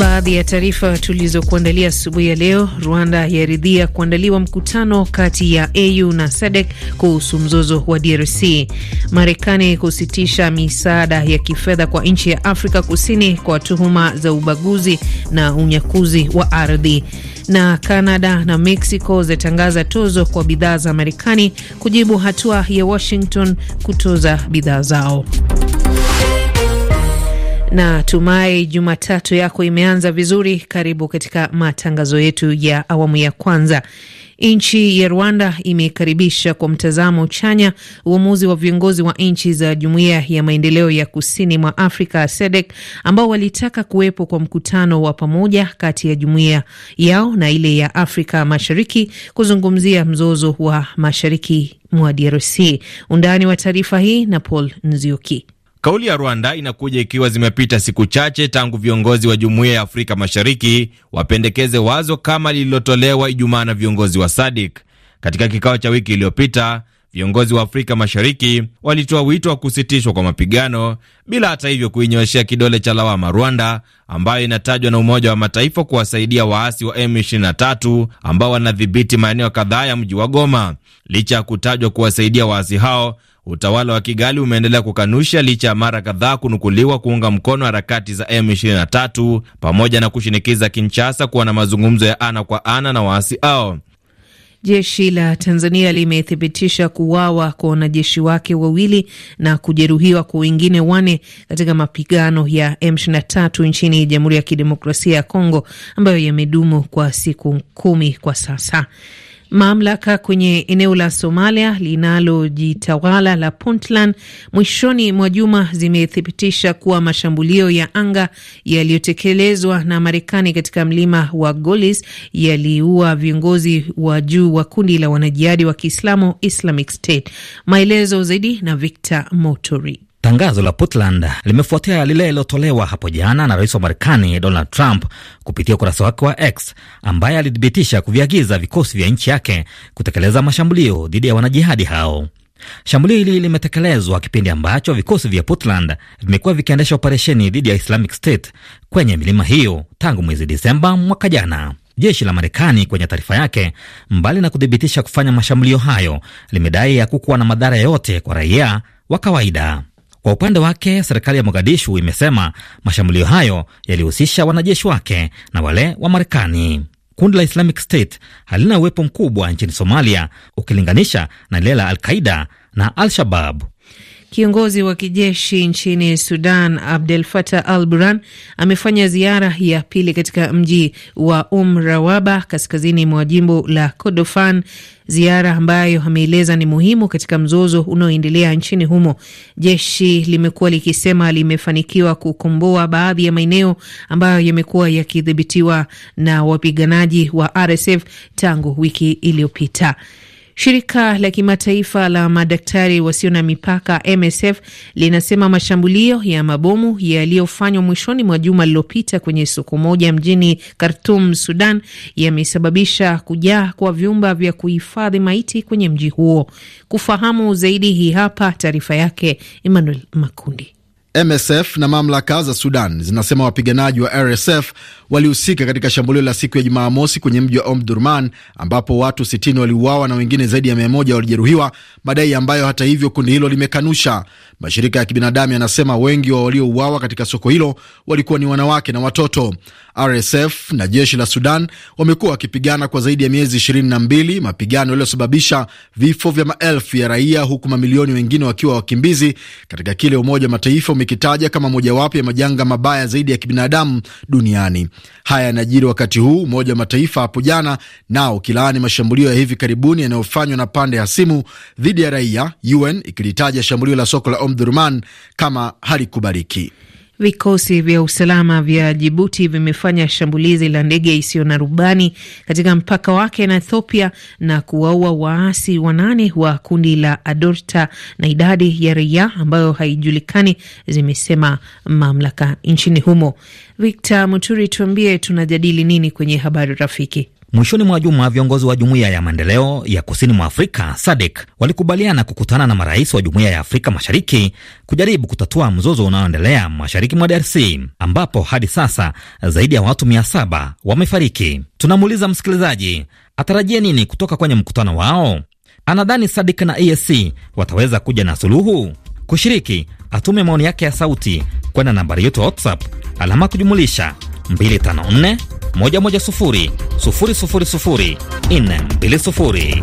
Baadhi ya taarifa tulizokuandalia asubuhi ya leo: Rwanda yaridhia kuandaliwa mkutano kati ya AU na SADC kuhusu mzozo wa DRC. Marekani kusitisha misaada ya kifedha kwa nchi ya Afrika Kusini kwa tuhuma za ubaguzi na unyakuzi wa ardhi. Na Kanada na Mexico zatangaza tozo kwa bidhaa za Marekani kujibu hatua ya Washington kutoza bidhaa zao. Na tumai Jumatatu yako imeanza vizuri. Karibu katika matangazo yetu ya awamu ya kwanza. Nchi ya Rwanda imekaribisha kwa mtazamo chanya uamuzi wa viongozi wa nchi za Jumuiya ya Maendeleo ya Kusini mwa Afrika SADC ambao walitaka kuwepo kwa mkutano wa pamoja kati ya jumuiya yao na ile ya Afrika Mashariki kuzungumzia mzozo wa mashariki mwa DRC. Undani wa taarifa hii na Paul Nzioki. Kauli ya Rwanda inakuja ikiwa zimepita siku chache tangu viongozi wa Jumuiya ya Afrika Mashariki wapendekeze wazo kama lililotolewa Ijumaa na viongozi wa SADIK. Katika kikao cha wiki iliyopita, viongozi wa Afrika Mashariki walitoa wito wa kusitishwa kwa mapigano, bila hata hivyo kuinyoeshea kidole cha lawama Rwanda, ambayo inatajwa na Umoja wa Mataifa kuwasaidia waasi wa M23 ambao wanadhibiti maeneo kadhaa ya mji wa Goma. Licha ya kutajwa kuwasaidia waasi hao Utawala wa Kigali umeendelea kukanusha licha ya mara kadhaa kunukuliwa kuunga mkono harakati za M23 pamoja na kushinikiza Kinshasa kuwa na mazungumzo ya ana kwa ana na waasi hao. Jeshi la Tanzania limethibitisha kuuawa kwa wanajeshi wake wawili na kujeruhiwa kwa wengine wane katika mapigano ya M23 nchini Jamhuri ya Kidemokrasia ya Kongo ambayo yamedumu kwa siku kumi kwa sasa. Mamlaka kwenye eneo la Somalia linalojitawala la Puntland mwishoni mwa juma zimethibitisha kuwa mashambulio ya anga yaliyotekelezwa na Marekani katika mlima wa Golis yaliua viongozi wa juu wa kundi la wanajihadi wa Kiislamu Islamic State. Maelezo zaidi na Victor Motori. Tangazo la Puntland limefuatia lile lilotolewa hapo jana na rais wa Marekani Donald Trump kupitia ukurasa wake wa X, ambaye alithibitisha kuviagiza vikosi vya nchi yake kutekeleza mashambulio dhidi ya wanajihadi hao. Shambulio hili limetekelezwa kipindi ambacho vikosi vya Puntland vimekuwa vikiendesha operesheni dhidi ya Islamic State kwenye milima hiyo tangu mwezi disemba mwaka jana. Jeshi la Marekani kwenye taarifa yake, mbali na kuthibitisha kufanya mashambulio hayo, limedai hakukuwa na madhara yoyote kwa raia wa kawaida. Kwa upande wake, serikali ya Mogadishu imesema mashambulio hayo yalihusisha wanajeshi wake na wale wa Marekani. Kundi la Islamic State halina uwepo mkubwa nchini Somalia ukilinganisha na lile la Al Qaida na Al-Shabab. Kiongozi wa kijeshi nchini Sudan Abdel Fattah al Burhan amefanya ziara ya pili katika mji wa Um Rawaba kaskazini mwa jimbo la Kordofan, ziara ambayo ameeleza ni muhimu katika mzozo unaoendelea nchini humo. Jeshi limekuwa likisema limefanikiwa kukomboa baadhi ya maeneo ambayo yamekuwa yakidhibitiwa na wapiganaji wa RSF tangu wiki iliyopita. Shirika la kimataifa la madaktari wasio na mipaka MSF linasema mashambulio ya mabomu yaliyofanywa mwishoni mwa juma lililopita kwenye soko moja mjini Khartoum, Sudan, yamesababisha kujaa kwa vyumba vya kuhifadhi maiti kwenye mji huo. Kufahamu zaidi, hii hapa taarifa yake Emmanuel Makundi. MSF na mamlaka za Sudan zinasema wapiganaji wa RSF walihusika katika shambulio la siku ya Jumamosi kwenye mji wa Omdurman ambapo watu 60 waliuawa na wengine zaidi ya 1 walijeruhiwa, madai ambayo hata hivyo kundi hilo limekanusha. Mashirika ya kibinadamu yanasema wengi wa waliouawa katika soko hilo walikuwa ni wanawake na watoto. RSF na jeshi la Sudan wamekuwa wakipigana kwa zaidi ya miezi ishirini na mbili, mapigano yaliyosababisha vifo vya maelfu ya raia huku mamilioni wengine wakiwa wakimbizi katika kile Umoja wa Mataifa umekitaja kama mojawapo ya majanga mabaya zaidi ya kibinadamu duniani. Haya yanajiri wakati huu Umoja wa Mataifa hapo jana nao kilaani mashambulio ya hivi karibuni yanayofanywa na pande hasimu dhidi ya raia, UN ikilitaja shambulio la soko la Omdurman kama halikubaliki. Vikosi vya usalama vya Jibuti vimefanya shambulizi la ndege isiyo na rubani katika mpaka wake na Ethiopia na kuwaua waasi wanane wa kundi la Adorta na idadi ya raia ambayo haijulikani, zimesema mamlaka nchini humo. Victor Muturi, tuambie tunajadili nini kwenye habari rafiki? Mwishoni mwa juma viongozi wa jumuiya ya maendeleo ya kusini mwa Afrika SADC walikubaliana kukutana na marais wa jumuiya ya Afrika Mashariki kujaribu kutatua mzozo unaoendelea mashariki mwa DRC ambapo hadi sasa zaidi ya watu mia saba wamefariki. Tunamuuliza msikilizaji atarajie nini kutoka kwenye mkutano wao? Anadhani SADC na EAC wataweza kuja na suluhu? Kushiriki atume maoni yake ya sauti kwenda nambari yetu WhatsApp alama kujumulisha 254 moja moja sufuri sufuri sufuri sufuri 110 000 sufuri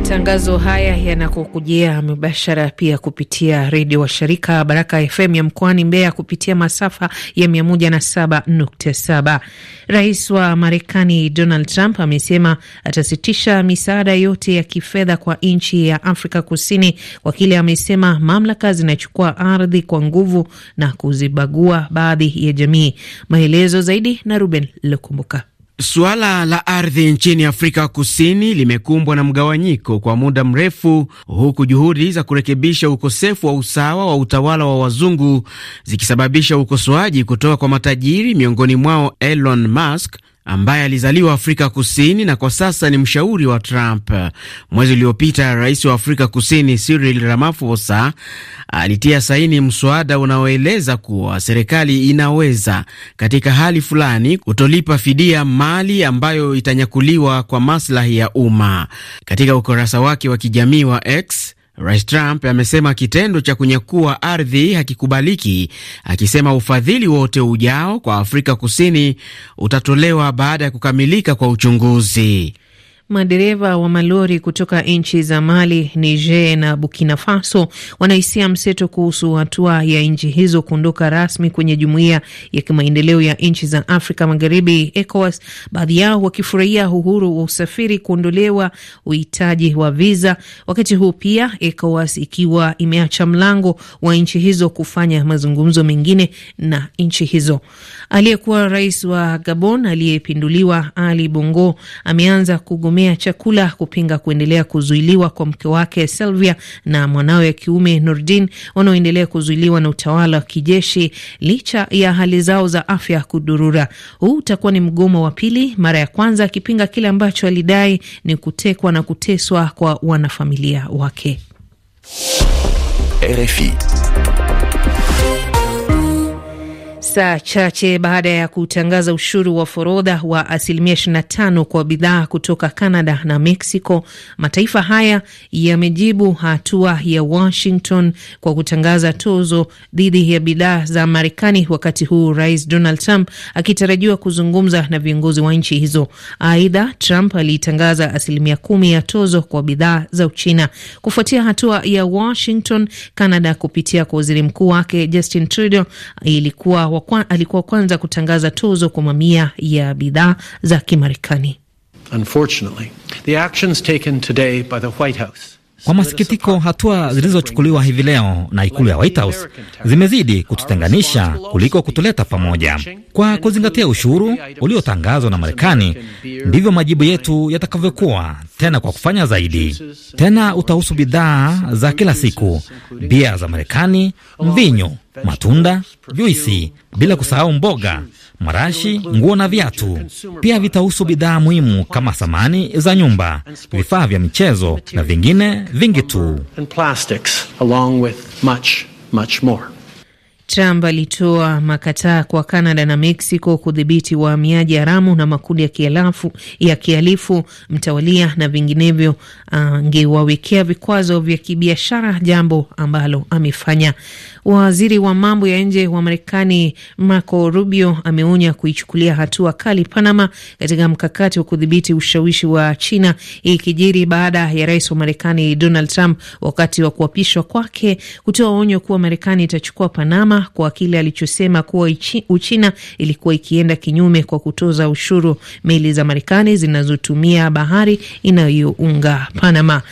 Matangazo haya yanakokujia mubashara pia kupitia redio wa shirika Baraka FM ya mkoani Mbeya kupitia masafa ya 107.7. Rais wa Marekani Donald Trump amesema atasitisha misaada yote ya kifedha kwa nchi ya Afrika Kusini kwa kile amesema mamlaka zinachukua ardhi kwa nguvu na kuzibagua baadhi ya jamii. Maelezo zaidi na Ruben Lukumbuka. Suala la ardhi nchini Afrika Kusini limekumbwa na mgawanyiko kwa muda mrefu, huku juhudi za kurekebisha ukosefu wa usawa wa utawala wa wazungu zikisababisha ukosoaji kutoka kwa matajiri, miongoni mwao Elon Musk ambaye alizaliwa Afrika Kusini na kwa sasa ni mshauri wa Trump. Mwezi uliopita, rais wa Afrika Kusini Cyril Ramaphosa alitia saini mswada unaoeleza kuwa serikali inaweza katika hali fulani kutolipa fidia mali ambayo itanyakuliwa kwa maslahi ya umma. Katika ukurasa wake wa kijamii wa X, Rais Trump amesema kitendo cha kunyakua ardhi hakikubaliki, akisema ufadhili wote ujao kwa Afrika Kusini utatolewa baada ya kukamilika kwa uchunguzi. Madereva wa malori kutoka nchi za Mali, Niger na Burkina Faso wanahisia mseto kuhusu hatua ya nchi hizo kuondoka rasmi kwenye jumuiya ya kimaendeleo ya nchi za Afrika Magharibi, ECOWAS, baadhi yao wakifurahia uhuru wa usafiri kuondolewa uhitaji wa viza, wakati huu pia ECOWAS ikiwa imeacha mlango wa nchi hizo kufanya mazungumzo mengine na nchi hizo. Aliyekuwa rais wa Gabon aliyepinduliwa Ali Bongo ameanza kugomea kutegemea chakula kupinga kuendelea kuzuiliwa kwa mke wake Selvia na mwanawe wa kiume Nordin wanaoendelea kuzuiliwa na utawala wa kijeshi licha ya hali zao za afya kudurura. Huu utakuwa ni mgomo wa pili, mara ya kwanza akipinga kile ambacho alidai ni kutekwa na kuteswa kwa wanafamilia wake. RFI. Saa chache baada ya kutangaza ushuru wa forodha wa asilimia 25 kwa bidhaa kutoka Canada na Mexico, mataifa haya yamejibu hatua ya Washington kwa kutangaza tozo dhidi ya bidhaa za Marekani, wakati huu Rais Donald Trump akitarajiwa kuzungumza na viongozi wa nchi hizo. Aidha, Trump alitangaza asilimia kumi ya tozo kwa bidhaa za Uchina kufuatia hatua ya Washington. Canada kupitia kwa waziri mkuu wake Justin Trudeau ilikuwa kwa, alikuwa kwanza kutangaza tozo kwa mamia ya bidhaa za Kimarekani. Kwa masikitiko, hatua zilizochukuliwa hivi leo na ikulu ya White House zimezidi kututenganisha kuliko kutuleta pamoja. Kwa kuzingatia ushuru uliotangazwa na Marekani, ndivyo majibu yetu yatakavyokuwa tena kwa kufanya zaidi. Tena utahusu bidhaa za kila siku, bia za Marekani, mvinyo, matunda, juisi, bila kusahau mboga, marashi, nguo na viatu. Pia vitahusu bidhaa muhimu kama samani za nyumba, vifaa vya michezo na vingine vingi tu. Trump alitoa makataa kwa Canada na Mexico kudhibiti wahamiaji haramu na makundi ya kialafu, ya mtawalia na vinginevyo angewawekea uh, vikwazo vya kibiashara, jambo ambalo amefanya. Waziri wa mambo ya nje wa Marekani Marco Rubio ameonya kuichukulia hatua kali Panama katika mkakati wa kudhibiti ushawishi wa China, ikijiri baada ya rais wa Marekani Donald Trump wakati wa kuapishwa kwake kutoa onyo kuwa Marekani itachukua Panama kwa kile alichosema kuwa Uchina ilikuwa ikienda kinyume kwa kutoza ushuru meli za Marekani zinazotumia bahari inayounga Panama.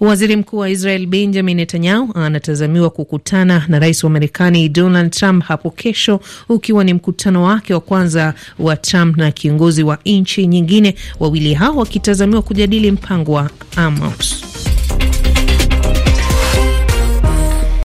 Waziri Mkuu wa Israel Benjamin Netanyahu anatazamiwa kukutana na rais wa Marekani Donald Trump hapo kesho, ukiwa ni mkutano wake wa kwanza wa Trump na kiongozi wa nchi nyingine, wawili hao wakitazamiwa kujadili mpango wa Amos.